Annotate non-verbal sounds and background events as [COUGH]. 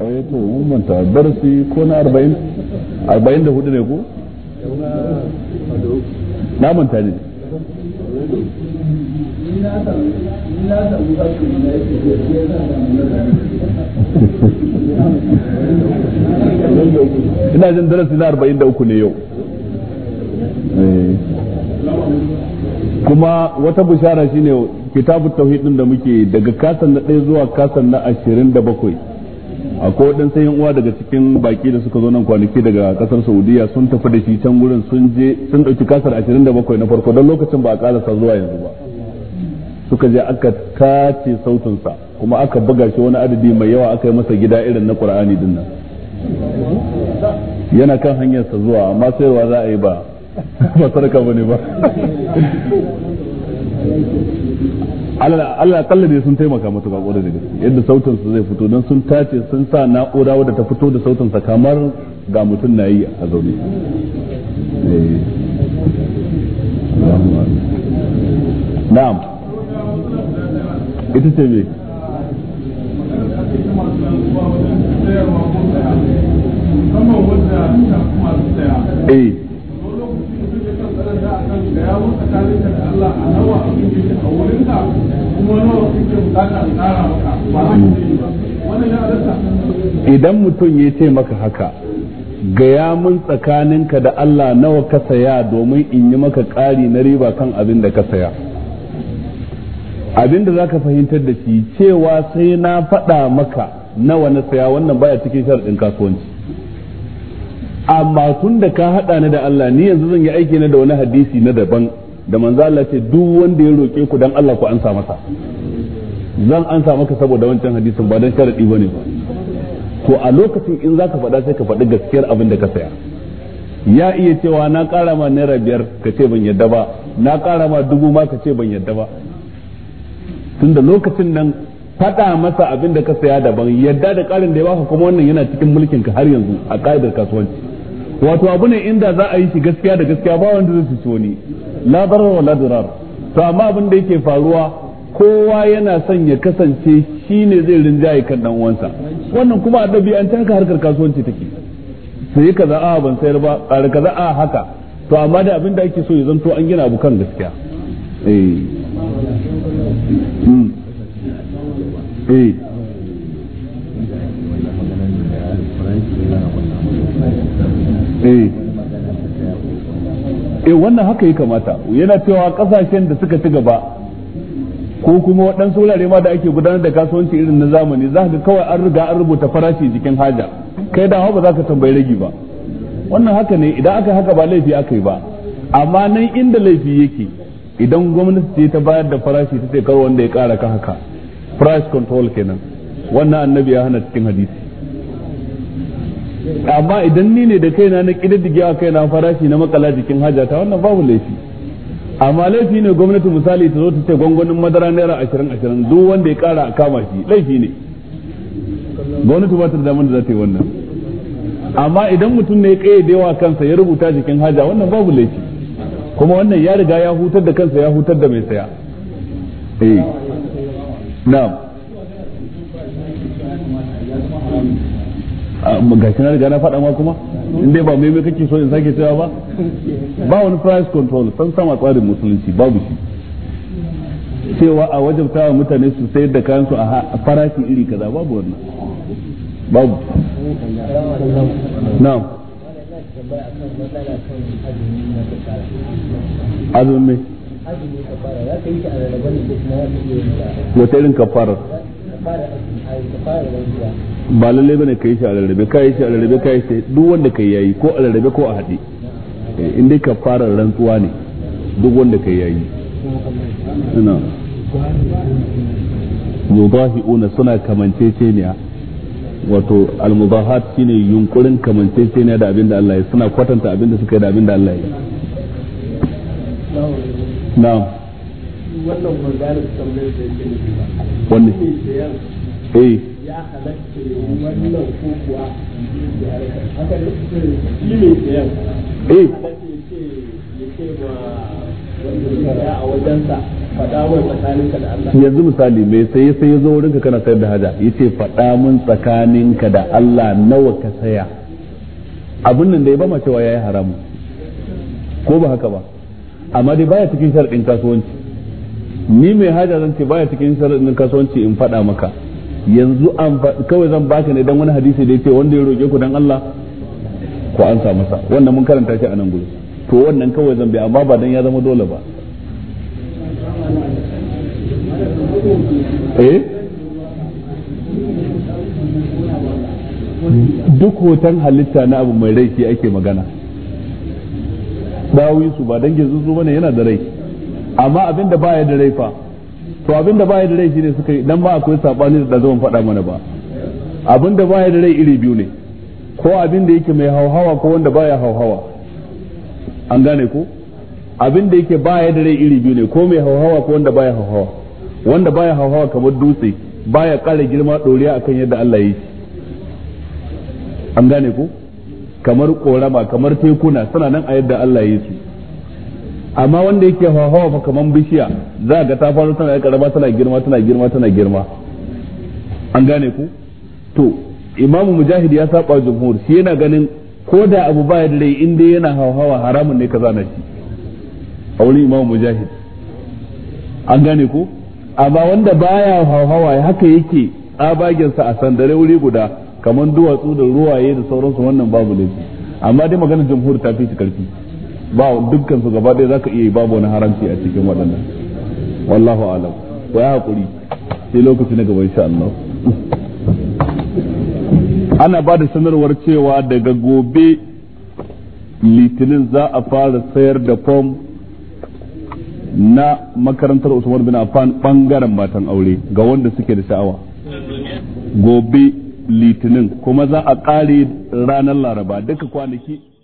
ayyato yi to ko na arba'in arba'in da hudu ne ko na manta ne ina jin darasi na arba'in da uku ne yau eh. kuma wata bishara shine kitabu tauhidin da muke daga kasan na ɗaya zuwa kasan na ashirin da bakwai akwai waɗansu yan uwa daga cikin baki da suka zo nan kwanaki daga kasar saudiya sun tafi da shi can gurin sun je sun ɗauki kasar 27 na farko don lokacin ba a ƙarasa zuwa yanzu ba suka je aka tace sautinsa kuma aka buga shi wani adadi mai yawa aka yi masa gida irin na qur'ani din nan yana kan hanyarsa zuwa amma sayarwa za a yi ba [LAUGHS] ba sarka bane ba Allah kalla dai sun taimaka matuƙa ƙwarar da gaske yadda sautin zai fito don sun tace sun sa na'ura wadda ta fito da sautin sa kamar ga mutum na yi a zaune eh. na'am ita ce me eh idan mutum ya ce maka haka gaya mun tsakaninka da Allah nawa ka saya domin in yi maka ƙari na riba kan abin da ka saya abin da za ka fahimtar da shi cewa sai na faɗa maka nawa na saya wannan baya cikin sharaɗin kasuwanci amma tun da ka haɗa ni da Allah ni yanzu zan yi aiki na da wani hadisi na daban da manzo Allah ce duk wanda ya roke ku dan Allah ku ansa masa zan ansa maka saboda wancan hadisin ba dan sharadi bane ba to a lokacin in zaka faɗa sai ka faɗi gaskiyar abin da ka saya ya iya cewa na ƙara ma naira biyar ka ce ban yadda ba na ƙara ma dubu ma ka ce ban yadda ba tunda lokacin nan faɗa masa abin da ka saya daban yadda da ƙarin da ya baka kuma wannan yana cikin mulkin ka har yanzu a ƙa'idar kasuwanci wato abu ne inda za a yi shi gaskiya da gaskiya ba wanda zai ci wani la darar wa la to amma abin da yake faruwa kowa yana son ya kasance shi ne zai rinjaye kan dan uwansa wannan kuma a ɗabi'ance haka harkar kasuwanci take sai kaza a ban sayar ba tsare kaza a haka to amma da abin da ake so ya zanto an gina abu kan gaskiya eh hmm. eh. eh eh wannan haka ya kamata yana cewa kasashen da suka ci gaba ko kuma waɗansu wurare ma da ake gudanar da kasuwanci irin na zamani za ka kawai an riga an rubuta farashi jikin haja kai da ba za ka tambayi ragi ba wannan haka ne idan aka haka ba laifi aka yi ba amma nan inda laifi yake idan gwamnati ce ta bayar da farashi ta ce kawai wanda ya kara ka haka price control kenan wannan annabi ya hana cikin hadisi amma idan ni ne da kaina na kididdige a kaina farashi na makala jikin haja ta wannan babu laifi amma laifi ne gwamnati misali ta zo ta ce gwangwanin madara naira ashirin ashirin duk wanda ya kara a kama shi laifi ne gwamnati ba ta da damar da za ta yi wannan amma idan mutum ne ya kayyade wa kansa ya rubuta jikin haja wannan babu laifi kuma wannan ya riga ya hutar da kansa ya hutar da mai saya eh na'am ah, na riga na faɗa ma kuma in dai ba mai mai kake so in sake cewa ba ba wani price control san sama tsarin musulunci babu shi cewa a wajabta wa mutane su sayar da su a farashi iri kaza babu wannan babu na'am azumi wata irin kafara ba lalle bane kai shi a rarrabe kai shi a rarrabe kai shi duk wanda kai yayi ko a rarrabe ko a haɗe eh, in dai ka fara rantsuwa ne duk wanda kai yayi ina yudahiuna suna ne wato almubahat shine yunkurin kamanceceniya da abinda Allah ya suna kwatanta abinda suka yi da abinda Allah ya na'am wannan da wannan eh ya halatta wannan ko kuwa haka ne shi ne sayan eh yanzu misali mai sai sai ya zo wurinka kana sayar da haja yace faɗa mun tsakaninka da Allah nawa ka saya abin nan da ya ba ma cewa yayi haramu ko ba haka ba amma dai baya cikin sharɗin kasuwanci ni mai haja zan ce baya cikin sharɗin kasuwanci in faɗa maka yanzu an kawai zan baka ne dan wani hadisi da yake wanda ya roke ku dan Allah ku ansa masa wannan mun karanta shi a nan gudu to wannan kawai zan bi amma ba dan ya zama dole ba eh duk hoton halitta na abu mai rai ke ake magana su ba dangin zuzu bane yana da rai amma abinda baya da rai fa to abinda baya da rai shine suka yi dan ba akwai sabani da zaman faɗa mana ba abinda baya da rai iri biyu ne ko abinda yake mai hauhawa ko wanda baya hauhawa an gane ko abinda yake baya da rai iri biyu ne ko mai hauhawa ko wanda baya hauhawa wanda baya hauhawa kamar dutse baya ƙara girma ɗoriya akan yadda Allah ya yi an gane ko kamar korama kamar tekuna suna nan a yadda Allah ya yi su amma wanda yake hawa fa kaman bishiya za ga ta faro tana karaba tana girma tana girma tana girma an gane ku to imamu mujahid ya saba jumhur shi yana ganin ko da abu baya da rai inda yana hawa haramun ne kaza na shi a wurin imamu mujahid an gane ku amma wanda baya hawa haka yake tsabagensa a sandare wuri guda kamar duwatsu da ruwaye da sauransu wannan babu laifi amma dai maganin jumhur ta fi shi karfi ba dukkan su gaba ɗaya zaka iya yi babu wani haramci a cikin waɗannan wallahu alam ko ya hakuri sai lokaci na gaba insha Allah ana ba da sanarwar cewa daga gobe litinin za a fara sayar da fom na makarantar usman bin affan bangaren matan aure ga wanda suke da sha'awa gobe litinin kuma za a ƙare ranar laraba duka kwanaki